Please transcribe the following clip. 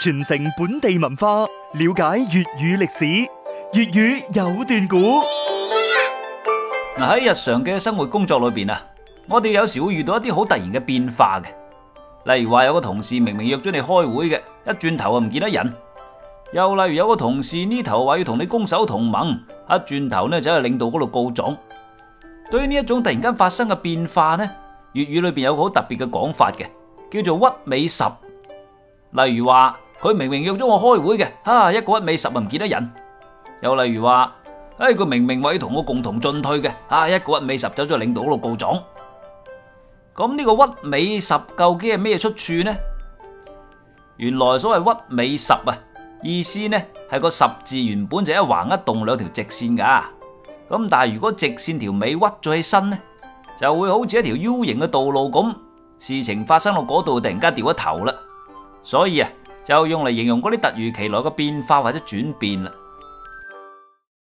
傳承本地文化，了解粵語歷史，粵語有段古。嗱喺日常嘅生活工作裏邊啊，我哋有時會遇到一啲好突然嘅變化嘅，例如話有個同事明明約咗你開會嘅，一轉頭啊唔見得人；又例如有個同事呢頭話要同你攻守同盟，一轉頭呢就去領導嗰度告狀。對於呢一種突然間發生嘅變化呢，粵語裏邊有個好特別嘅講法嘅，叫做屈尾十。例如話。佢明明約咗我開會嘅，哈一個屈尾十又唔見得人。又例如話，誒佢明明話要同我共同進退嘅，哈一個屈尾十走咗領導嗰度告狀。咁呢個屈尾十究竟係咩出處呢？原來所謂屈尾十啊，意思呢係個十字原本就一橫一戙兩條直線噶，咁但係如果直線條尾屈咗起身呢，就會好似一條 U 型嘅道路咁，事情發生到嗰度突然間掉咗頭啦，所以啊。就用嚟形容嗰啲突如其來嘅變化或者轉變。